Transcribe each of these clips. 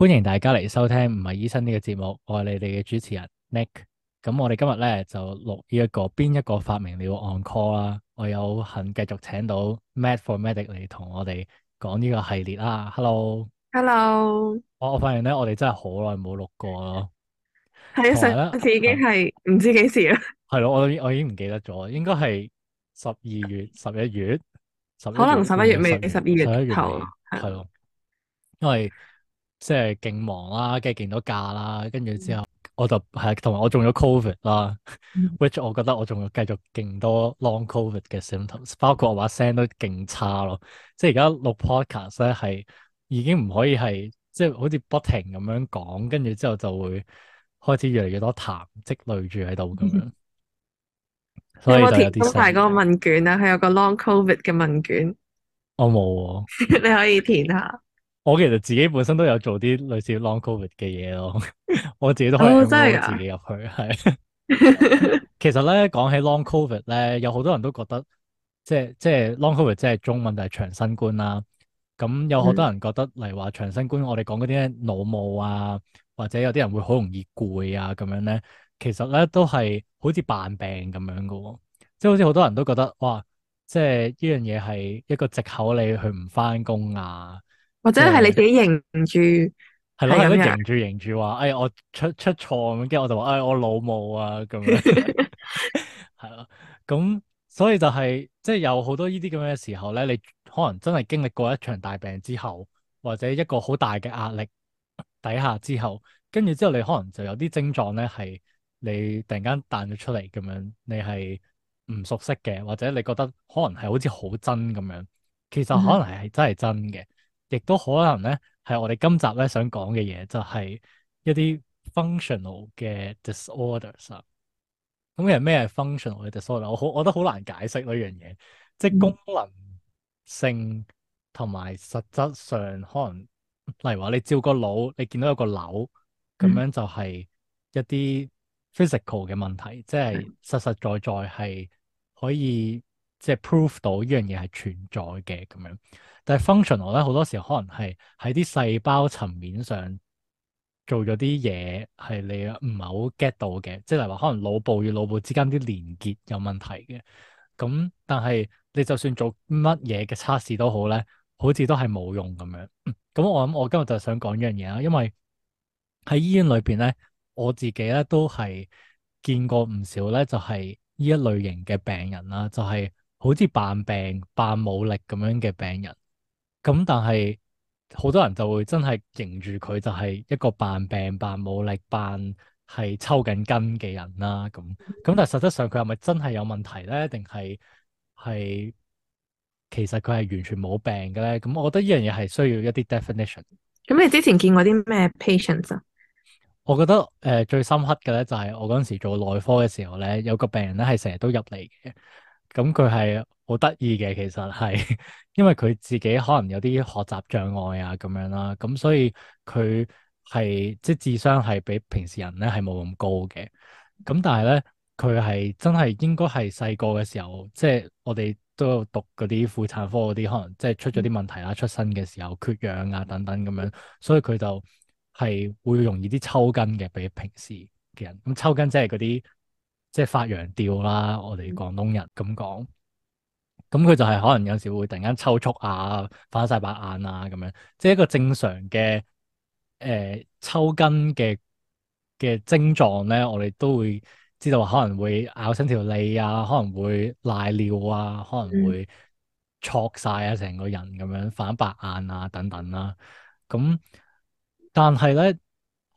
歡迎大家嚟收聽唔係醫生呢、這個節目，我係你哋嘅主持人 Nick。咁我哋今日咧就錄一、這個邊一個發明了 on call 啦。我有幸繼續請到 Matt for Medic 嚟同我哋講呢個系列啦。Hello，Hello，、啊、Hello 我我發現咧我哋真係好耐冇錄過咯。係啊，上次已經係唔知幾時啊。係咯，我我已經唔記得咗，應該係十二月、十一月、十，可能十一月尾、十二月,月,月頭，係咯頭，因為。因為即係勁忙啦、啊，跟住勁多假啦、啊，跟住之後我就係同埋我中咗 covid 啦、嗯、，which 我覺得我仲要繼續勁多 long covid 嘅 symptoms，、嗯、包括我把聲都勁差咯、啊，即係而家錄 podcast 咧係已經唔可以係即係好似不停咁樣講，跟住之後就會開始越嚟越多痰積累住喺度咁樣。嗯、所以好大個問卷啊，佢有個 long covid 嘅問卷。我冇、哦， 你可以填下。我其實自己本身都有做啲類似 long covid 嘅嘢咯， 我自己都可以自己入去。係， 其實咧講起 long covid 咧，有好多人都覺得，即係即係 long covid 即係中文就係、是、長新冠啦。咁有好多人覺得，嗯、例如話長新冠，我哋講嗰啲腦霧啊，或者有啲人會好容易攰啊，咁樣咧，其實咧都係好似扮病咁樣噶、哦。即係好似好多人都覺得，哇，即係呢樣嘢係一個借口，你去唔翻工啊。或者係你自己認住，係咯的，你認住認住話，哎，我出出錯咁，跟住我就話，哎，我老母啊，咁樣，係咯， 咁所以就係、是，即係有好多呢啲咁樣嘅時候咧，你可能真係經歷過一場大病之後，或者一個好大嘅壓力底下之後，跟住之後你可能就有啲症狀咧，係你突然間彈咗出嚟咁樣，你係唔熟悉嘅，或者你覺得可能係好似好真咁樣，其實可能係真係真嘅。嗯亦都可能咧，係我哋今集咧想講嘅嘢，就係、是、一啲 functional 嘅 disorders 咁、啊、其實咩係 functional 嘅 disorder？我好，我覺得好難解釋呢樣嘢，即係功能性同埋實質上可能，例如話你照個腦，你見到有個瘤，咁樣就係一啲 physical 嘅問題，嗯、即係實實在在係可以即係 prove 到呢樣嘢係存在嘅咁樣。但係 functional 咧，好多時候可能係喺啲細胞層面上做咗啲嘢，係你唔係好 get 到嘅。即係例如話，可能腦部與腦部之間啲連結有問題嘅。咁但係你就算做乜嘢嘅測試都好咧，好似都係冇用咁樣。咁、嗯、我諗我今日就想講呢樣嘢啦，因為喺醫院裏邊咧，我自己咧都係見過唔少咧，就係、是、呢一類型嘅病人啦，就係好似扮病、扮冇力咁樣嘅病人。就是咁但係好多人就會真係認住佢就係一個扮病、扮冇力、扮係抽緊筋嘅人啦，咁咁但係實質上佢係咪真係有問題咧？定係係其實佢係完全冇病嘅咧？咁我覺得呢樣嘢係需要一啲 definition。咁你之前見過啲咩 patients 啊？我覺得誒、呃、最深刻嘅咧就係我嗰陣時做內科嘅時候咧，有個病人咧係成日都入嚟嘅。咁佢係好得意嘅，其實係因為佢自己可能有啲學習障礙啊咁樣啦，咁所以佢係即智商係比平時人咧係冇咁高嘅。咁但係咧，佢係真係應該係細個嘅時候，即係我哋都有讀嗰啲婦產科嗰啲，可能即係出咗啲問題啦、啊，出生嘅時候缺氧啊等等咁樣，所以佢就係會容易啲抽筋嘅，比平時嘅人。咁抽筋即係嗰啲。即係發羊吊啦，我哋廣東人咁講，咁佢就係可能有時會突然間抽搐啊，翻晒白眼啊咁樣，即係一個正常嘅誒、呃、抽筋嘅嘅症狀咧，我哋都會知道可能會咬親條脷啊，可能會瀨尿啊，可能會錯晒啊，成個人咁樣反白眼啊等等啦、啊，咁但係咧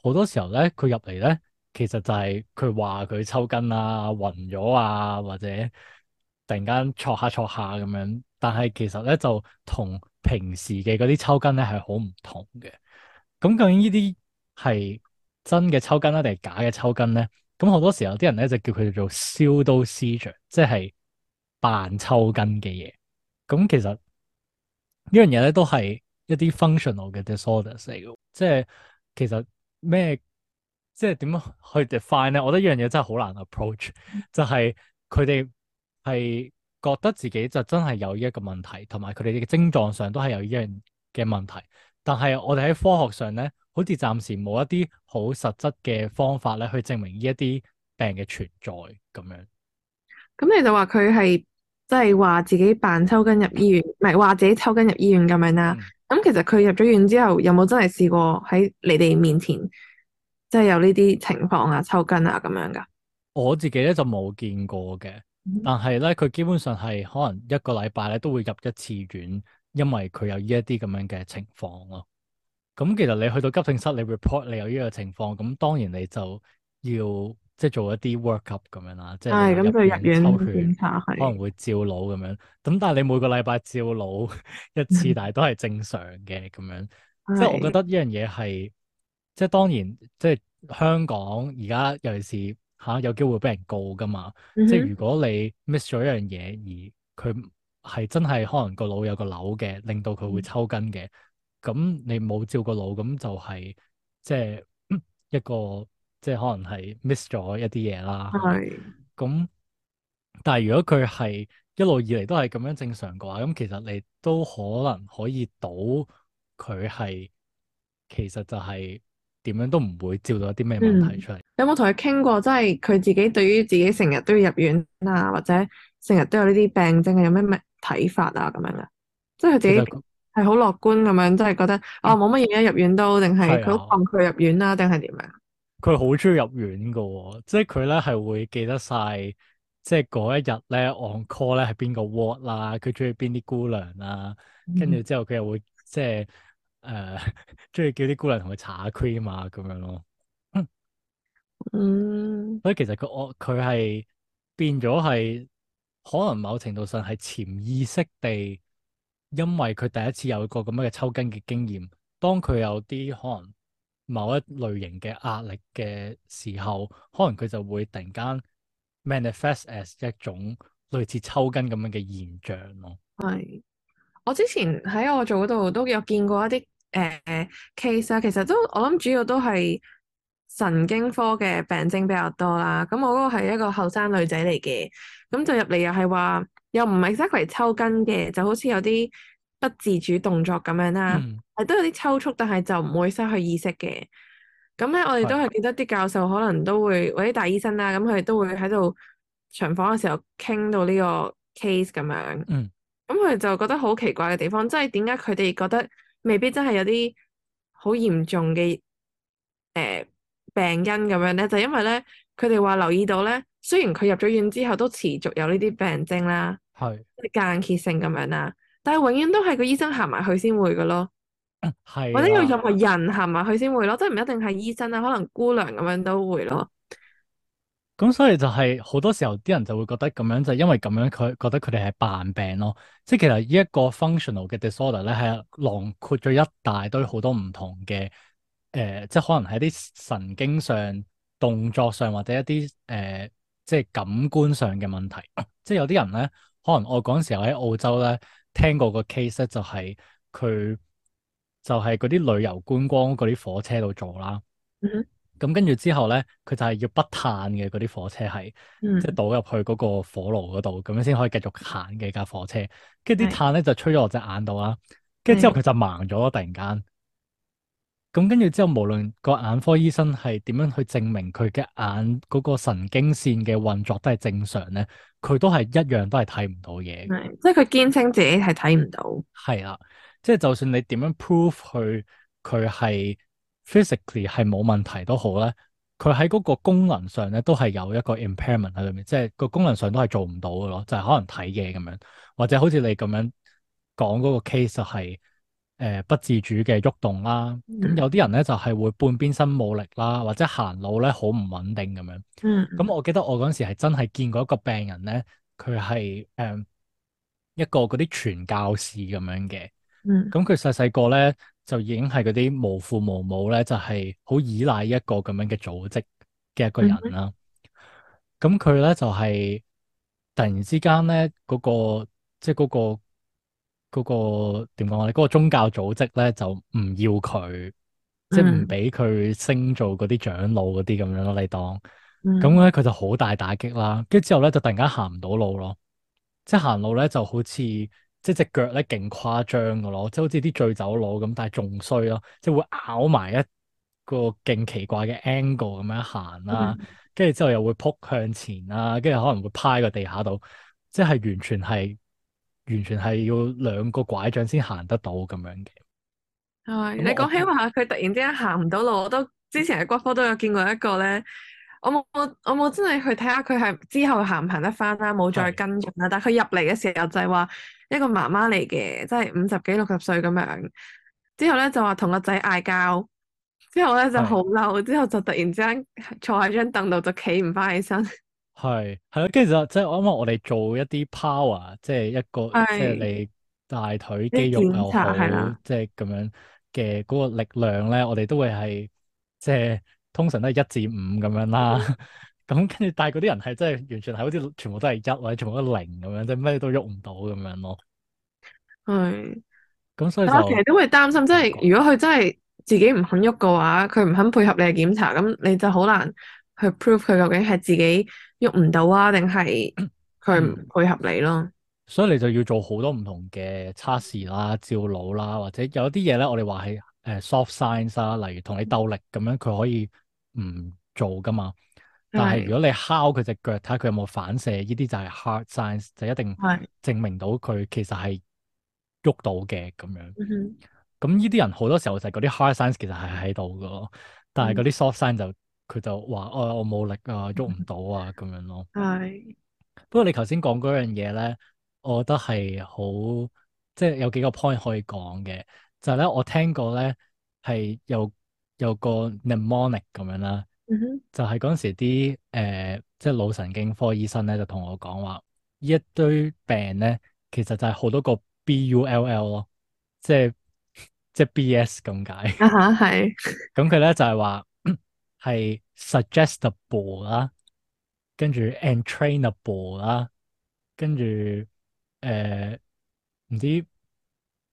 好多時候咧佢入嚟咧。其實就係佢話佢抽筋啊、暈咗啊，或者突然間坐下坐下咁樣。但係其實咧就同平時嘅嗰啲抽筋咧係好唔同嘅。咁究竟呢啲係真嘅抽筋咧、啊，定係假嘅抽筋咧？咁好多時候啲人咧就叫佢做 pseudo seizure，即係扮抽筋嘅嘢。咁其實呢樣嘢咧都係一啲 functional 嘅 disorders 嚟嘅，即係其實咩？即係點樣去 define 咧？我覺得呢樣嘢真係好難 approach，就係佢哋係覺得自己就真係有呢一個問題，同埋佢哋嘅症狀上都係有呢樣嘅問題。但係我哋喺科學上咧，好似暫時冇一啲好實質嘅方法咧，去證明呢一啲病嘅存在咁樣。咁、嗯、你就話佢係即係話自己扮抽筋入醫院，唔係話自己抽筋入醫院咁樣啦。咁其實佢入咗院之後，有冇真係試過喺你哋面前？即係有呢啲情況啊、抽筋啊咁樣㗎。我自己咧就冇見過嘅，但係咧佢基本上係可能一個禮拜咧都會入一次院，因為佢有呢一啲咁樣嘅情況咯、啊。咁其實你去到急症室，你 report 你有呢個情況，咁當然你就要即係做一啲 work up 咁樣啦。係、哎，咁就，就入院檢查係。抽血的可能會照腦咁樣，咁、嗯、但係你每個禮拜照腦 一次，但係都係正常嘅咁樣。即、就、係、是、我覺得呢樣嘢係。即係當然，即係香港而家尤其是吓、啊、有機會俾人告噶嘛。Mm hmm. 即係如果你 miss 咗一樣嘢，而佢係真係可能個腦有個瘤嘅，令到佢會抽筋嘅，咁、mm hmm. 你冇照個腦，咁就係、是、即係一個即係可能係 miss 咗一啲嘢啦。係咁、mm hmm.，但係如果佢係一路以嚟都係咁樣正常嘅話，咁其實你都可能可以賭，佢係其實就係、是。點樣都唔會照到一啲咩問題出嚟？嗯、有冇同佢傾過？即係佢自己對於自己成日都要入院啊，或者成日都有呢啲病症，係有咩咩睇法啊？咁樣嘅，即係佢自己係好樂觀咁樣，即係覺得啊冇乜嘢入院都定係佢抗拒入院啊？定係點樣？佢好中意入院噶哦，即係佢咧係會記得晒，即係嗰一日咧 on call 咧係邊個 ward 啦，佢中意邊啲姑娘啦、啊，跟住、嗯、之後佢又會即係。誒，中意、嗯、 叫啲姑娘同佢搽下 cream 啊，咁樣咯。 嗯，所以其實佢我佢係變咗係，可能某程度上係潛意識地，因為佢第一次有個咁樣嘅抽筋嘅經驗，當佢有啲可能某一類型嘅壓力嘅時候，可能佢就會突然間 manifest as 一種類似抽筋咁樣嘅現象咯。係，我之前喺我做度都有見過一啲。誒、uh, case 啊，其實都我諗主要都係神經科嘅病徵比較多啦。咁我嗰個係一個後生女仔嚟嘅，咁就入嚟又係話又唔係 exactly 抽筋嘅，就好似有啲不自主動作咁樣啦，係、嗯、都有啲抽搐，但係就唔會失去意識嘅。咁咧，我哋都係見得啲教授可能都會的或者大醫生啦，咁佢哋都會喺度巡房嘅時候傾到呢個 case 咁樣。嗯。咁佢哋就覺得好奇怪嘅地方，即係點解佢哋覺得？未必真係有啲好嚴重嘅誒、呃、病因咁樣咧，就是、因為咧佢哋話留意到咧，雖然佢入咗院之後都持續有呢啲病症啦，係是間歇性咁樣啦，但係永遠都係個醫生行埋去先會㗎咯。係、啊，或者要任何人行埋去先會咯，即係唔一定係醫生啦，可能姑娘咁樣都會咯。咁所以就係好多時候啲人就會覺得咁樣就係，因為咁樣佢覺得佢哋係扮病咯，即係其實呢一個 functional 嘅 disorder 咧係啊，囊括咗一大堆好多唔同嘅誒、呃，即係可能喺啲神經上、動作上或者一啲誒、呃、即係感官上嘅問題，即係有啲人咧可能我嗰陣時喺澳洲咧聽過個 case 咧就係、係、佢就係嗰啲旅遊觀光嗰啲火車度做啦。Mm hmm. 咁跟住之後咧，佢就係要不碳嘅嗰啲火車係，嗯、即係倒入去嗰個火爐嗰度，咁樣先可以繼續行嘅架火車。跟住啲碳咧就吹咗我隻眼度啦。跟住之後佢就盲咗囉，突然間。咁跟住之後，無論個眼科醫生係點樣去證明佢嘅眼嗰個神經線嘅運作都係正常咧，佢都係一樣都係睇唔到嘢。即係佢堅稱自己係睇唔到。係啦，即係就算你點樣 prove 去佢係。Physically 係冇問題都好咧，佢喺嗰個功能上咧都係有一個 impairment 喺裏面，即係個功能上都係做唔到嘅咯，就係可能睇嘢咁樣，或者好似你咁樣講嗰個 case 就係誒不自主嘅喐動啦，咁有啲人咧就係會半邊身冇力啦，或者行路咧好唔穩定咁樣。咁我記得我嗰時係真係見過一個病人咧，佢係誒一個嗰啲傳教士咁樣嘅，咁佢細細個咧。就已經係嗰啲無父無母咧，就係、是、好依賴一個咁樣嘅組織嘅一個人啦。咁佢咧就係、是、突然之間咧，嗰、那個即係、那、嗰個嗰、那個點講咧？嗰、那個宗教組織咧就唔要佢，嗯、即係唔俾佢升做嗰啲長老嗰啲咁樣咯。你當咁咧，佢、嗯、就好大打擊啦。跟住之後咧，就突然間行唔到路咯，即係行路咧就好似。即係隻腳咧勁誇張噶咯，即係好似啲醉酒佬咁，但係仲衰咯，即係會咬埋一個勁奇怪嘅 angle 咁樣行啦，跟住之後又會撲向前啦，跟住可能會趴喺個地下度，即係完全係完全係要兩個拐杖先行得到咁樣嘅。啊對，那麼 你講起話佢我突然之間行唔到路，我都之前喺骨科都有見過一個咧。我冇，我冇真係去睇下佢係之後行唔行得翻啦，冇再跟進啦。的但佢入嚟嘅時候就係話一個媽媽嚟嘅，即係五十幾六十歲咁樣。之後咧就話同個仔嗌交，之後咧就好嬲，的之後就突然之間坐喺張凳度就企唔翻起身。係係咯，跟住就即係我諗我哋做一啲 power，即係一個即係的你大腿肌肉又好，即係咁樣嘅嗰個力量咧，我哋都會係即係。即係通常都係一至五咁樣啦，咁跟住， 但係嗰啲人係真係完全係好似全部都係一或者全部都零咁樣，即係咩都喐唔到咁樣咯。係，咁所以，其實都會擔心，即係如果佢真係自己唔肯喐嘅話，佢唔肯配合你嘅檢查，咁你就好難去 prove 佢究竟係自己喐唔到啊，定係佢唔配合你咯，嗯。所以你就要做好多唔同嘅測試啦，照腦啦，或者有啲嘢咧，我哋話係誒 soft science 啦，例如同你鬥力咁樣，佢可以。唔做噶嘛，但係如果你敲佢隻腳睇下佢有冇反射，呢啲就係 hard science，就一定證明到佢其實係喐到嘅咁樣。咁呢啲人好多時候就係嗰啲 hard science 其實係喺度噶咯，但係嗰啲 soft science 就佢、嗯、就話、哎、我我冇力啊，喐唔到啊咁樣咯。係嘅，不過你頭先講嗰樣嘢咧，我覺得係好，即、就、係、是、有幾個 point 可以講嘅，就係、是、咧我聽過咧係有。有個 mnemonic 咁樣啦，mm hmm. 就係嗰陣時啲誒、呃，即係腦神經科醫生咧就同我講話，一堆病咧其實就係好多個 b u l l 咯，即係即係 b s 咁解啊吓係。咁佢咧就係、是、話係 suggestible 啦，跟住 entrainable 啦，跟住誒唔知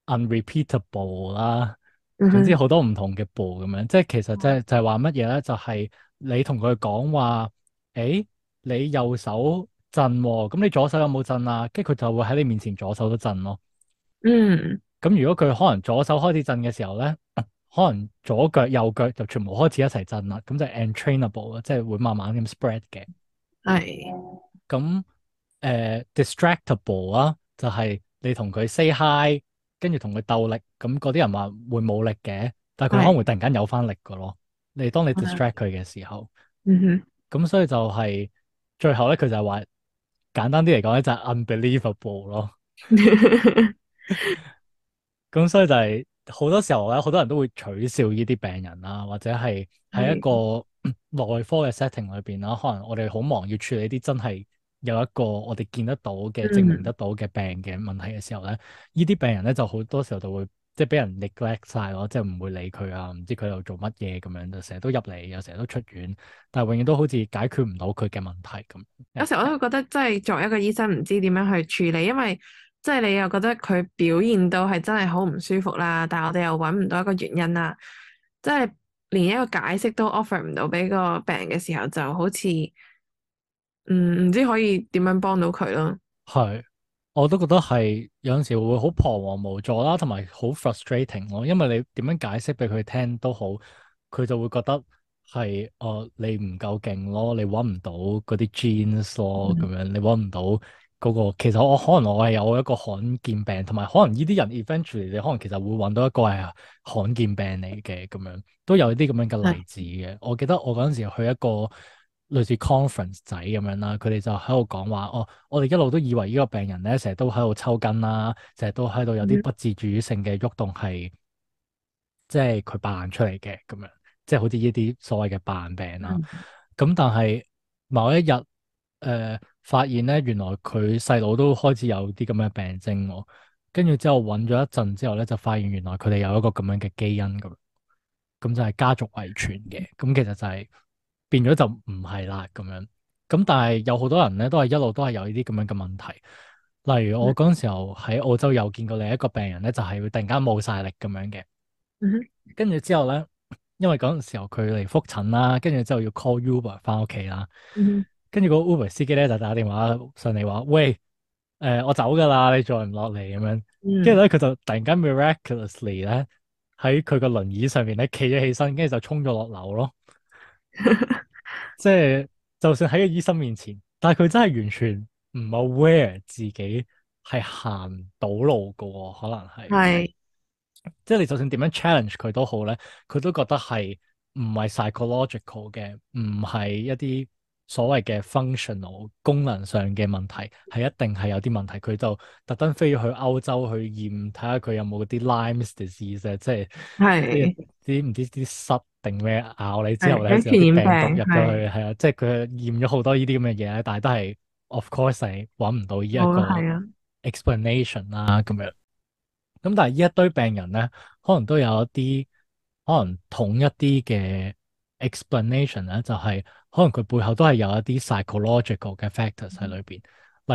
unrepeatable 啦。嗯、總之好多唔同嘅步咁樣，即係其實即係就係話乜嘢咧？就係、是、你同佢講話，誒、欸，你右手震、啊，咁你左手有冇震啊？跟住佢就會喺你面前左手都震咯、啊。嗯。咁如果佢可能左手開始震嘅時候咧，可能左腳右腳就全部開始一齊震啦。咁就係 entrainable，即係會慢慢咁 spread 嘅。係是。咁誒、呃、，distractable 啊，就係、是、你同佢 say hi。跟住同佢鬥力，咁嗰啲人話會冇力嘅，但係佢可能會突然間有翻力㗎咯。你的當你 distract 佢嘅時候，咁、嗯、哼所以就係、是、最後咧，佢就係話簡單啲嚟講咧，就係 unbelievable 咯。咁 所以就係、是、好多時候咧，好多人都會取笑呢啲病人啦，或者係喺一個內科嘅 setting 裏邊啦，可能我哋好忙要處理啲真係有一個我哋見得到嘅、嗯、證明得到嘅病嘅問題嘅時候咧，呢啲病人咧就好多時候就會即係俾人 neglect 晒咯，即係唔會理佢啊，唔知佢又做乜嘢咁樣，就成日都入嚟又成日都出院，但係永遠都好似解決唔到佢嘅問題咁。有時候我都會覺得即係作為一個醫生唔知點樣去處理，因為即係你又覺得佢表現到係真係好唔舒服啦，但係我哋又揾唔到一個原因啦，即係連一個解釋都 offer 唔到俾個病人嘅時候，就好似～嗯，唔知可以點樣幫到佢咯？係，我都覺得係有陣時會好彷徨無助啦，同埋好 frustrating 咯。因為你點樣解釋俾佢聽都好，佢就會覺得係我、啊、你唔夠勁咯，你搵唔到嗰啲 genes 咯，咁、嗯、樣你搵唔到嗰個。其實我可能我係有一個罕見病，同埋可能呢啲人 eventually 你可能其實會搵到一個係罕見病嚟嘅，咁樣都有啲咁樣嘅例子嘅。是我記得我嗰陣時去一個。類似 conference 仔咁樣啦，佢哋就喺度講話，哦，我哋一路都以為呢個病人咧，成日都喺度抽筋啦、啊，成日都喺度有啲不自主性嘅喐動，係、嗯、即係佢扮出嚟嘅咁樣，即係好似呢啲所謂嘅扮病啦、啊。咁、嗯、但係某一日誒、呃、發現咧，原來佢細佬都開始有啲咁嘅病徵喎、啊。跟住之後揾咗一陣之後咧，就發現原來佢哋有一個咁樣嘅基因咁，咁就係家族遺傳嘅。咁其實就係、是。變咗就唔係啦，咁樣。咁但係有好多人咧，都係一路都係有呢啲咁樣嘅問題。例如我嗰陣時候喺澳洲又見過另一個病人咧，就係、是、會突然間冇晒力咁樣嘅。跟住、嗯、哼之後咧，因為嗰陣時候佢嚟復診啦，跟住之後要 call Uber 翻屋企啦。跟住、嗯、哼個 Uber 司機咧就打電話上嚟話：喂，誒、呃，我走噶啦，你再唔落嚟咁樣。跟住咧，佢就突然間 miraculously 咧喺佢個輪椅上面咧企咗起身，跟住就衝咗落樓咯。 即係，就算喺個醫生面前，但係佢真係完全唔係 aware 自己係行到路噶，可能係。係是。即係你，就算點樣 challenge 佢都好咧，佢都覺得係唔係 psychological 嘅，唔係一啲。所謂嘅 functional 功能上嘅問題係一定係有啲問題，佢就特登飛去歐洲去驗睇下佢有冇啲 Lyme disease，即係啲唔知啲虱定咩咬你之後咧就啲病毒入咗去，係啊，即係佢驗咗好多呢啲咁嘅嘢咧，但係都係 of course 係揾唔到呢一個 explanation 啦咁樣。咁但係呢一堆病人咧，可能都有一啲可能統一啲嘅。Explanation 咧就係、是、可能佢背後都係有一啲 psychological 嘅 factors 喺裏邊，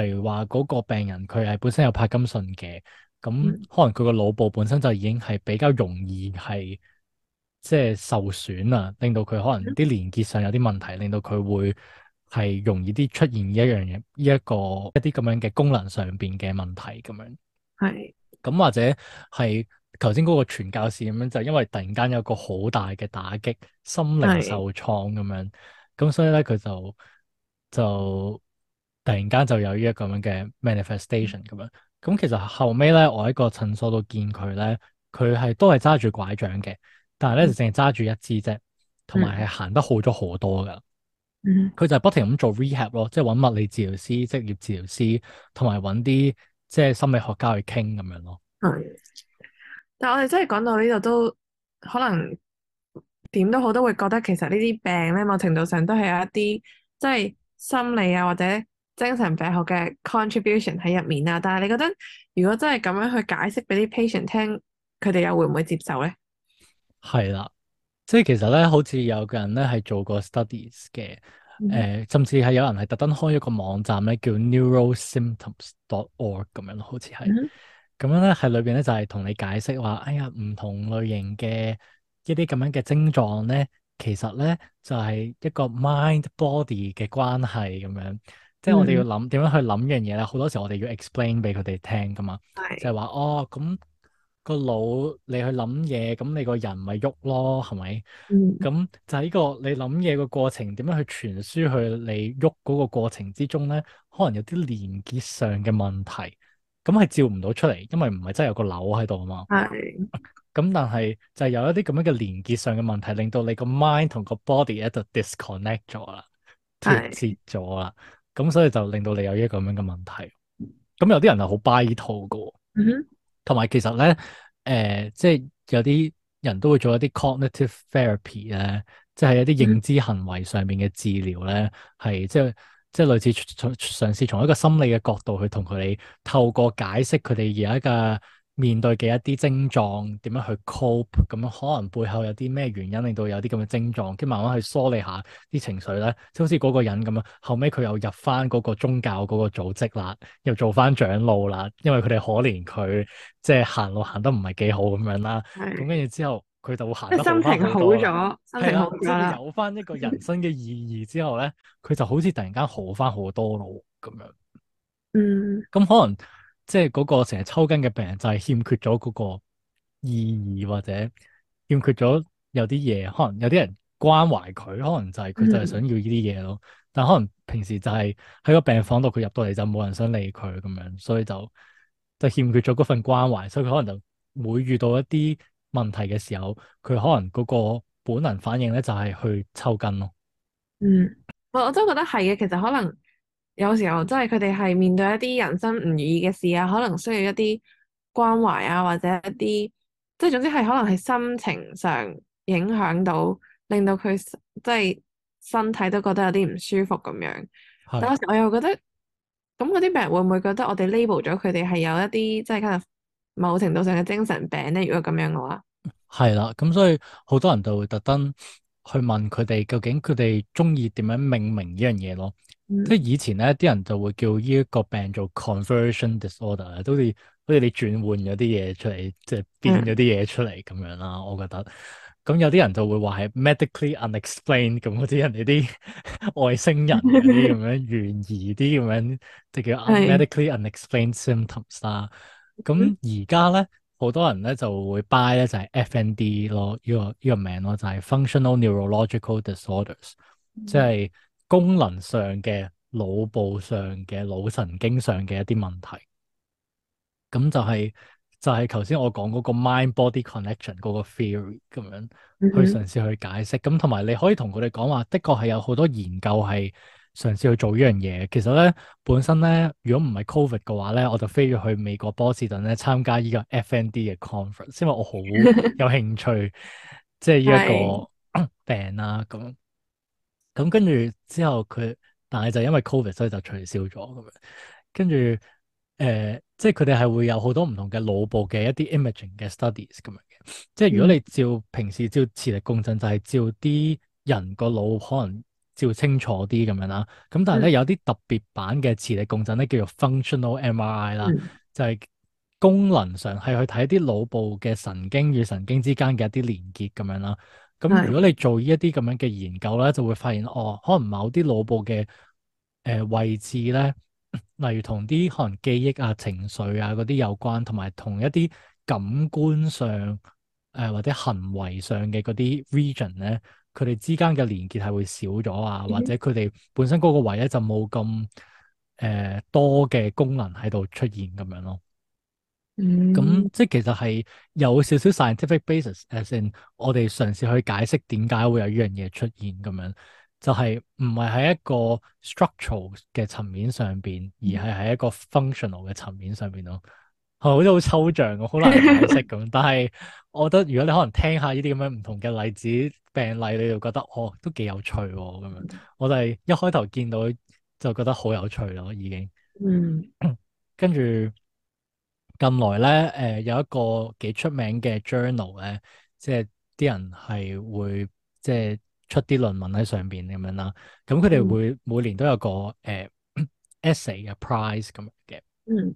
例如話嗰個病人佢係本身有帕金遜嘅，咁可能佢個腦部本身就已經係比較容易係即係受損啊，令到佢可能啲連結上有啲問題，令到佢會係容易啲出現一樣嘢，呢一個一啲咁樣嘅功能上邊嘅問題咁樣。係是，咁或者係。頭先嗰個傳教士咁樣，就因為突然間有個好大嘅打擊，心靈受創咁樣，咁是所以咧佢就就突然間就有呢個咁樣嘅 manifestation 咁樣。咁、嗯、其實後尾咧，我喺個診所度見佢咧，佢係都係揸住拐杖嘅，但係咧、嗯、就淨係揸住一支啫，同埋係行得好咗好多噶。佢、嗯、就不停咁做 rehab 咯，即係揾物理治療師、職業治療師，同埋揾啲即係心理學家去傾咁樣咯。嗯但係我哋真係講到呢度，都可能點都好，都會覺得其實呢啲病咧，某程度上都係有一啲即係心理啊或者精神病學嘅 contribution 喺入面啊。但係你覺得如果真係咁樣去解釋俾啲 patient 聽，佢哋又會唔會接受咧？係啦，即係其實咧，好似有個人咧係做過 studies 嘅，誒、嗯哼呃，甚至係有人係特登開一個網站咧，叫 neurosymptoms.org 咁樣咯，好似係。嗯咁樣咧，喺裏邊咧就係、是、同你解釋話，哎呀，唔同類型嘅一啲咁樣嘅症狀咧，其實咧就係、是、一個 mind body 嘅關係咁樣，即係我哋要諗點、嗯、樣去諗樣嘢咧，好多時候我哋要 explain 俾佢哋聽噶嘛，是就係話哦，咁、那個腦你去諗嘢，咁你個人咪喐咯，係咪？咁、嗯、就係呢、這個你諗嘢個過程，點樣去傳輸去你喐嗰個過程之中咧，可能有啲連結上嘅問題。咁係照唔到出嚟，因為唔係真係有個瘤喺度啊嘛。係。咁但係就係有一啲咁樣嘅連結上嘅問題，令到你個 mind 同個 body 一度 disconnect 咗啦，脫節咗啦。咁是所以就令到你有一個咁樣嘅問題。咁有啲人係好 b 拜託噶。嗯。同埋其實咧，誒、呃，即係有啲人都會做一啲 cognitive therapy 咧，即係一啲認知行為上面嘅治療咧，係即係。即係類似嘗試從一個心理嘅角度去同佢哋透過解釋佢哋而家嘅面對嘅一啲症狀點樣去 cope 咁樣，可能背後有啲咩原因令到有啲咁嘅症狀，跟住慢慢去梳理下啲情緒咧，即好似嗰個人咁樣，後尾佢又入翻嗰個宗教嗰個組織啦，又做翻長老啦，因為佢哋可憐佢即係行路行得唔係幾好咁樣啦，咁跟住之後。佢就會行心情好咗，啊、好有翻一個人生嘅意義之後咧，佢就好似突然間好翻好多咯，咁樣。嗯。咁可能即係嗰個成日抽筋嘅病人就係欠缺咗嗰個意義或者欠缺咗有啲嘢，可能有啲人關懷佢，可能就係佢就係想要呢啲嘢咯。嗯、但可能平時就係喺個病房度，佢入到嚟就冇人想理佢咁樣，所以就就欠缺咗嗰份關懷，所以佢可能就會遇到一啲問題嘅時候，佢可能嗰個本能反應咧就係去抽筋咯。嗯，我我都覺得係嘅。其實可能有時候即係佢哋係面對一啲人生唔如意嘅事啊，可能需要一啲關懷啊，或者一啲即係總之係可能係心情上影響到，令到佢即係身體都覺得有啲唔舒服咁樣。的但有時我又覺得，咁嗰啲病人會唔會覺得我哋 label 咗佢哋係有一啲即係某程度上嘅精神病咧，如果咁樣嘅話，係啦，咁 所以好多人都會特登去問佢哋究竟佢哋中意點樣命名呢樣嘢咯。嗯、即係以前咧，啲人就會叫呢一個病做 conversion disorder，都係好似你轉換咗啲嘢出嚟，即、就、係、係、變咗啲嘢出嚟咁樣啦。嗯、我覺得，咁有啲人就會話係 medically unexplained 咁，嗰啲人哋啲外星人啲咁樣懸疑啲咁樣，即 叫 un medically unexplained symptoms 啦、嗯。咁而家咧，好多人咧就會 buy 咧就係 FND 咯，呢個呢個名咯，就係、是、functional neurological disorders，即係功能上嘅腦部上嘅腦神經上嘅一啲問題。咁就係、是、就係頭先我講嗰個 mind body connection 嗰個 theory 咁樣、mm hmm。去嘗試，試去解釋。咁同埋你可以同佢哋講話，的確係有好多研究係。嘗試去做呢樣嘢，其實咧本身咧，如果唔係 COVID 嘅話咧，我就飛咗去美國波士頓咧參加呢個 FND 嘅 conference，因為我好有興趣 即係呢一個是病啦，啊，咁咁跟住之後佢，但係就因為 COVID 所以就取消咗咁樣。跟住誒、呃，即係佢哋係會有好多唔同嘅腦部嘅一啲 imaging 嘅 studies 咁樣嘅，即係如果你照平時照磁力共振就係、是、照啲人個腦可能。照清楚啲咁樣啦，咁但係咧有啲特別版嘅磁力共振咧叫做 functional MRI 啦、嗯，就係功能上係去睇啲腦部嘅神經與神經之間嘅一啲連結咁樣啦。咁如果你做呢一啲咁樣嘅研究咧，就會發現哦，可能某啲腦部嘅誒、呃、位置咧，例如同啲可能記憶啊、情緒啊嗰啲有關，同埋同一啲感官上誒、呃、或者行為上嘅嗰啲 region 咧。佢哋之間嘅連結係會少咗啊，或者佢哋本身嗰個唯一就冇咁誒多嘅功能喺度出現咁樣咯。咁、mm hmm. 即係其實係有少少 scientific basis，誒，先我哋嘗試去解釋點解會有呢樣嘢出現咁樣，就係唔係喺一個 structural 嘅層面上面，而係喺一個 functional 嘅層面上面咯。哦、好似好抽象好難解釋咁。但係我覺得，如果你可能聽下呢啲咁樣唔同嘅例子病例，你就覺得哦，都幾有趣喎咁樣。我哋一開頭見到就覺得好有趣咯，已經。嗯。跟住近來咧，誒、呃、有一個幾、就是、出名嘅 journal 咧，即係啲人係會即係出啲論文喺上邊咁樣啦。咁佢哋會每年都有個誒、呃、essay 嘅 prize 咁嘅。嗯。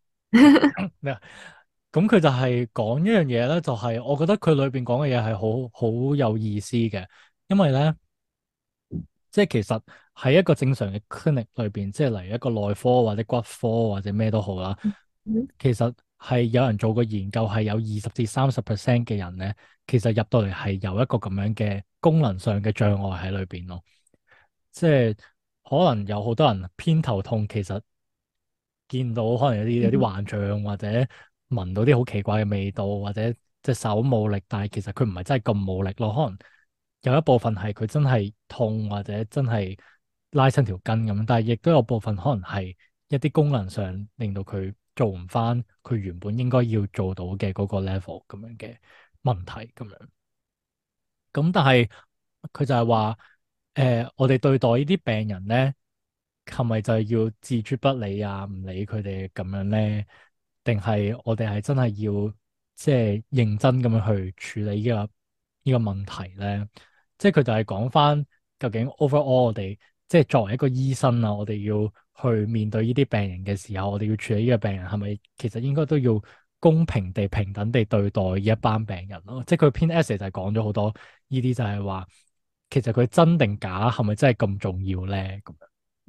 咁佢 就係講一樣嘢咧，就係、是、我覺得佢裏邊講嘅嘢係好好有意思嘅，因為咧，即係其實喺一個正常嘅 clinic 裏邊，即係例如一個內科或者骨科或者咩都好啦，其實係有人做過研究，係有二十至三十 percent 嘅人咧，其實入到嚟係有一個咁樣嘅功能上嘅障礙喺裏邊咯，即係可能有好多人偏頭痛，其實。見到可能有啲有啲幻象，或者聞到啲好奇怪嘅味道，或者隻手冇力，但係其實佢唔係真係咁冇力咯。可能有一部分係佢真係痛，或者真係拉伸條筋咁樣，但係亦都有部分可能係一啲功能上令到佢做唔翻佢原本應該要做到嘅嗰個 level 咁樣嘅問題咁樣。咁但係佢就係話，誒、呃，我哋對待呢啲病人咧。係咪就係要置諸不理啊？唔理佢哋咁樣咧，定係我哋係真係要即係認真咁樣去處理呢個呢個問題咧？即係佢就係講翻，究竟 overall 我哋即係作為一個醫生啊，我哋要去面對呢啲病人嘅時候，我哋要處理呢個病人，係咪其實應該都要公平地、平等地對待呢一班病人咯？即係佢篇 essay 就係講咗好多呢啲，就係話其實佢真定假，係咪真係咁重要咧？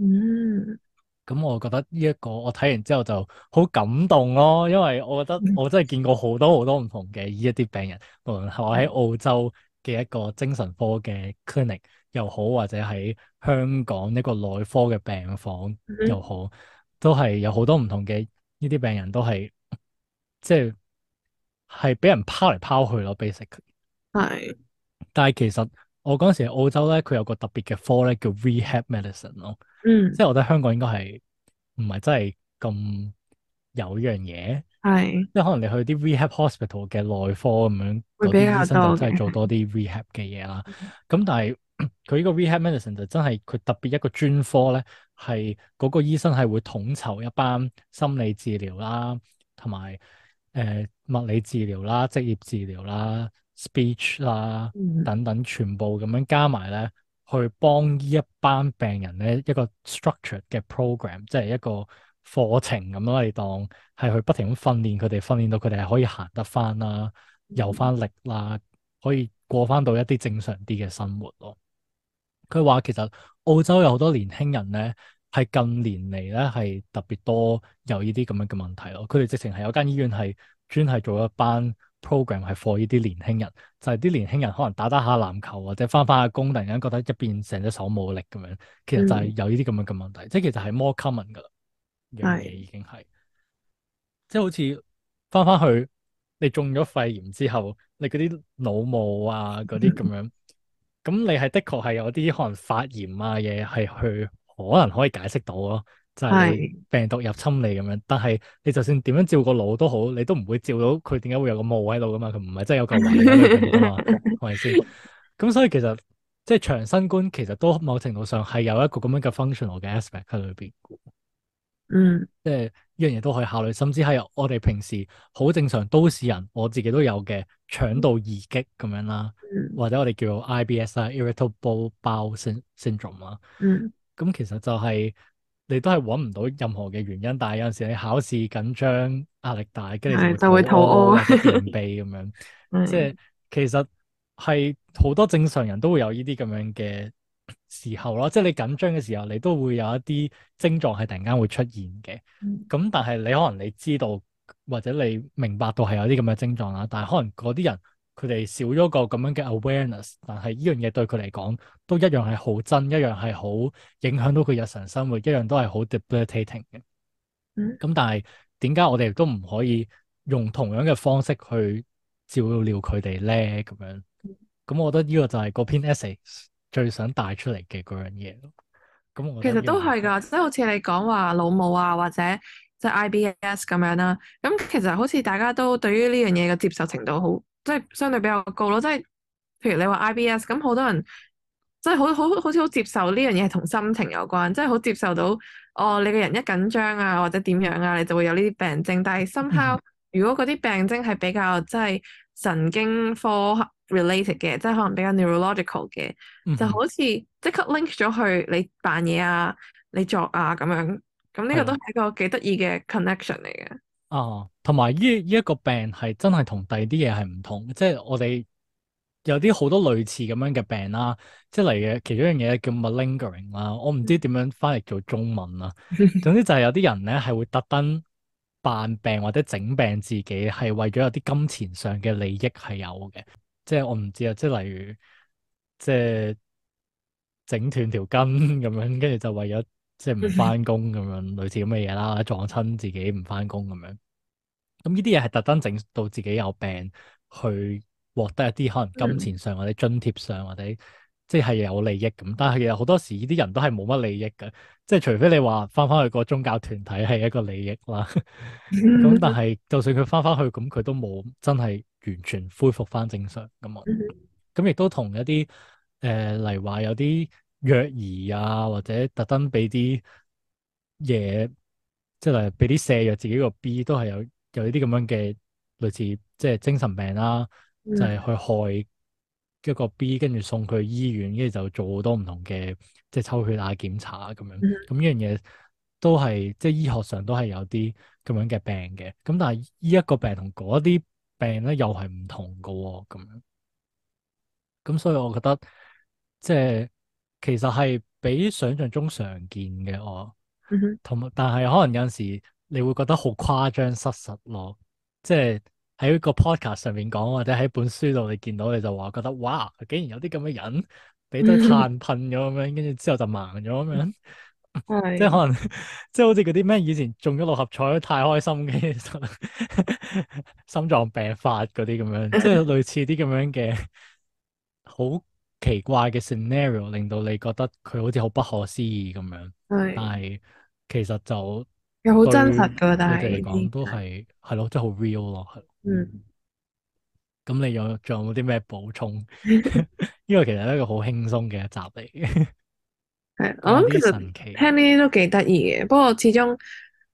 嗯，咁我覺得呢一個我睇完之後就好感動咯，因為我覺得我真係見過好多好多唔同嘅呢一啲病人，無論我喺澳洲嘅一個精神科嘅 clinic 又好，或者喺香港呢個內科嘅病房又好，嗯、哼都係有好多唔同嘅呢啲病人都係即係係俾人拋嚟拋去咯，basic 係。是但係其實我嗰陣時澳洲咧，佢有個特別嘅科咧叫 rehab medicine 咯。嗯，即係我覺得香港應該係唔係真係咁有呢樣嘢，係是即係可能你去啲 rehab hospital 嘅內科咁樣，會比較多，啲醫生就真係做多啲 rehab 嘅嘢啦。咁、嗯、但係佢呢個 rehab medicine 就真係佢特別一個專科咧，係嗰個醫生係會統籌一班心理治療啦，同埋誒物理治療啦、職業治療啦、嗯、speech 啦等等，全部咁樣加埋咧。去幫呢一班病人咧一個 structured 嘅 program，即係一個課程咁樣，你當係去不停咁訓練佢哋，訓練到佢哋係可以行得翻啦、有翻力啦、可以過翻到一啲正常啲嘅生活咯。佢話其實澳洲有好多年輕人咧，係近年嚟咧係特別多有呢啲咁樣嘅問題咯。佢哋直情係有間醫院係專係做一班。program 係 for 呢啲年輕人，就係、是、啲年輕人可能打打下籃球或者翻翻下工，突然間覺得入邊成隻手冇力咁樣，其實就係有呢啲咁樣嘅問題，嗯、即係其實係 more common 噶啦，樣嘢已經係，是即係好似翻翻去你中咗肺炎之後，你嗰啲腦霧啊嗰啲咁樣，咁、嗯、你係的確係有啲可能發炎啊嘢係去可能可以解釋到咯。就係病毒入侵你咁樣，是但係你就算點樣照個腦都好，你都唔會照到佢點解會有個霧喺度噶嘛？佢唔係真有咁大嘅嘢噶嘛？係咪先？咁所以其實即係、就是、長新冠，其實都某程度上係有一個咁樣嘅 functional 嘅 aspect 喺裏邊。嗯，即係呢樣嘢都可以考慮，甚至係我哋平時好正常都市人，我自己都有嘅腸道易激咁樣啦，嗯、或者我哋叫做 IBS 啊，irritable bowel syndrome 啊。嗯、咁、嗯、其實就係、是。你都係揾唔到任何嘅原因，但係有陣時你考試緊張、壓力大，跟住就會肚屙、便秘咁樣。即係其實係好多正常人都會有呢啲咁樣嘅時候咯。即係你緊張嘅時候，你都會有一啲症狀係突然間會出現嘅。咁、嗯、但係你可能你知道或者你明白到係有啲咁嘅症狀啦，但係可能嗰啲人。佢哋少咗個咁樣嘅 awareness，但係呢樣嘢對佢嚟講都一樣係好真，一樣係好影響到佢日常生活，一樣都係好 debilitating 嘅。咁、嗯嗯、但係點解我哋亦都唔可以用同樣嘅方式去照料佢哋咧？咁樣咁，我覺得呢個就係嗰篇 essay 最想帶出嚟嘅嗰樣嘢咯。咁我其實都係㗎，即係好似你講話老母啊，或者即係 IBS 咁樣啦、啊。咁其實好似大家都對於呢樣嘢嘅接受程度好。即係相對比較高咯，即係譬如你話 IBS 咁，好多人即係好好好似好接受呢樣嘢係同心情有關，即係好接受到哦，你個人一緊張啊或者點樣啊，你就會有呢啲病症。但係 somehow，如果嗰啲病症係比較即係神經科 related 嘅，即係可能比較 neurological 嘅，嗯、哼就好似即刻 link 咗去你扮嘢啊、你作啊咁樣，咁呢個都係一個幾得意嘅 connection 嚟嘅。啊，同埋依依一個病係真係同第二啲嘢係唔同，即係我哋有啲好多類似咁樣嘅病啦、啊，即係例如其中一樣嘢叫 malingering 啦、啊，我唔知點樣翻譯做中文啦、啊。 總之就係有啲人咧係會特登扮病或者整病自己，係為咗有啲金錢上嘅利益係有嘅，即係我唔知啊。即係例如即係整斷條筋咁樣，跟住就為咗即係唔翻工咁樣， 類似咁嘅嘢啦，撞親自己唔翻工咁樣。咁呢啲嘢係特登整到自己有病，去獲得一啲可能金錢上或者津貼上或者即係有利益咁。但係其實好多時呢啲人都係冇乜利益嘅，即係除非你話翻翻去個宗教團體係一個利益啦。咁 但係就算佢翻翻去，咁佢都冇真係完全恢復翻正常咁啊。咁亦都同一啲誒，嚟、呃、話有啲弱兒啊，或者特登俾啲嘢，即係嚟俾啲瀉藥自己個 B 都係有。有呢啲咁樣嘅類似即係精神病啦、啊，mm hmm. 就係去害一個 B，跟住送佢去醫院，跟住就做好多唔同嘅即係抽血啊、檢查啊咁樣。咁呢、mm hmm. 樣嘢都係即係醫學上都係有啲咁樣嘅病嘅。咁但係呢一個病，病同嗰啲病咧又係唔同噶。咁樣咁所以我覺得即係其實係比想象中常見嘅我。哦 mm hmm. 同埋但係可能有陣時。你會覺得好誇張失實咯，即係喺一個 podcast 上面講，或者喺本書度你見到，你就話覺得哇，竟然有啲咁嘅人俾對炭噴咗咁樣，跟住之後就盲咗咁樣，即係可能即係好似嗰啲咩以前中咗六合彩太開心嘅 心臟病發嗰啲咁樣，即係、嗯、類似啲咁樣嘅好奇怪嘅 scenario，令到你覺得佢好似好不可思議咁樣，嗯、但係其實就～又好真實噶，但係，講都係係咯，真係好 real 咯，係。嗯。咁你有仲有冇啲咩補充？呢 個其實係一個好輕鬆嘅一集嚟嘅。係 對，我諗其實聽呢啲都幾得意嘅。不過始終，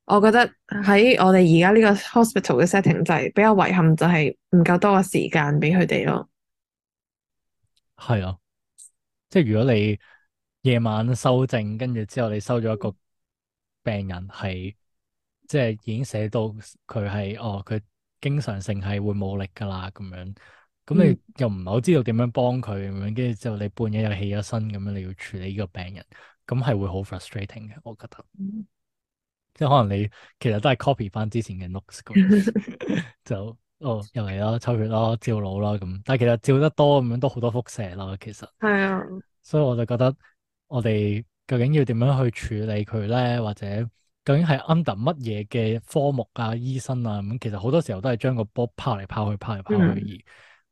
我覺得喺我哋而家呢個 hospital 嘅 setting 就係比較遺憾就，就係唔夠多嘅時間俾佢哋咯。係啊。即係如果你夜晚修正，跟住之後你收咗一個。病人係即係已經寫到佢係哦，佢經常性係會冇力噶啦，咁樣咁你又唔係好知道點樣幫佢咁樣，跟住就你半夜又起咗身咁樣，你要處理呢個病人，咁係會好 frustrating 嘅，我覺得。即係 可能你其實都係 copy 翻之前嘅 notes, 就哦又嚟啦，抽血啦，照腦啦咁，但係其實照得多咁樣都好多輻射啦，其實。係啊。所以我就覺得我哋。究竟要點樣去處理佢咧？或者究竟係 under 乜嘢嘅科目啊、醫生啊咁？其實好多時候都係將個波拋嚟拋去、拋嚟拋去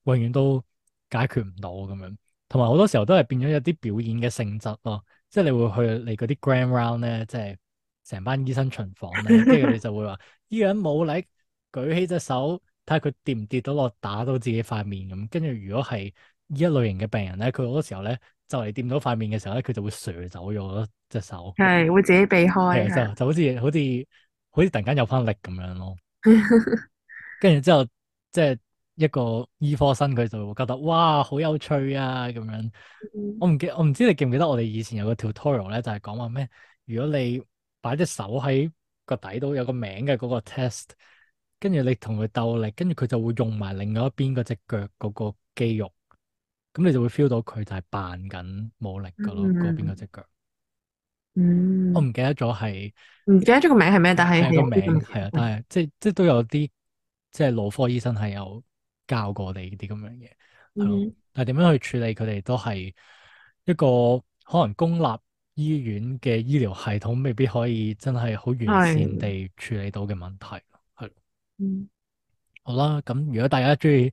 而永遠都解決唔到咁樣。同埋好多時候都係變咗一啲表演嘅性質咯。即係你會去你嗰啲 grand round 咧，即係成班醫生巡房咧，跟住 你就會話依、呢個人冇力，舉起隻手睇下佢掂唔跌到落打到自己塊面咁。跟住如果係呢一類型嘅病人咧，佢好多時候咧就嚟掂到塊面嘅時候咧，佢就會削走咗隻手，係會自己避開，就，就好似好似好似突然間有翻力咁樣咯。跟住 之後，即係一個醫科生佢就會覺得哇好有趣啊咁樣。嗯、我唔記，我唔知你記唔記得我哋以前有個 tutorial 咧，就係講話咩，如果你擺隻手喺個底度有個名嘅嗰個 test，跟住你同佢鬥力，跟住佢就會用埋另外一邊嗰隻腳嗰個肌肉。咁你就會 feel 到佢就係扮緊冇力噶咯，嗰、嗯、邊嗰隻腳。嗯。我唔記得咗係。唔記得咗個名係咩？但係。係、嗯、個名係啊、嗯，但係即即都有啲即腦科醫生係有教過你啲咁樣嘅，係咯。嗯、但點樣去處理佢哋都係一個可能公立醫院嘅醫療系統未必可以真係好完善地處理到嘅問題，係的。嗯。好啦，咁如果大家中意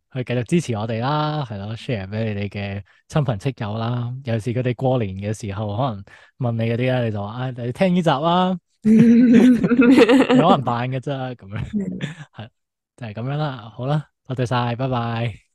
去繼續支持我哋啦，係咯，share 俾你哋嘅親朋戚友啦。有時佢哋過年嘅時候，可能問你嗰啲咧，你就話：唉、哎，你聽呢集啦、啊，有 人扮㗎啫，咁樣係就係、是、咁樣啦。好啦，多謝晒，拜拜。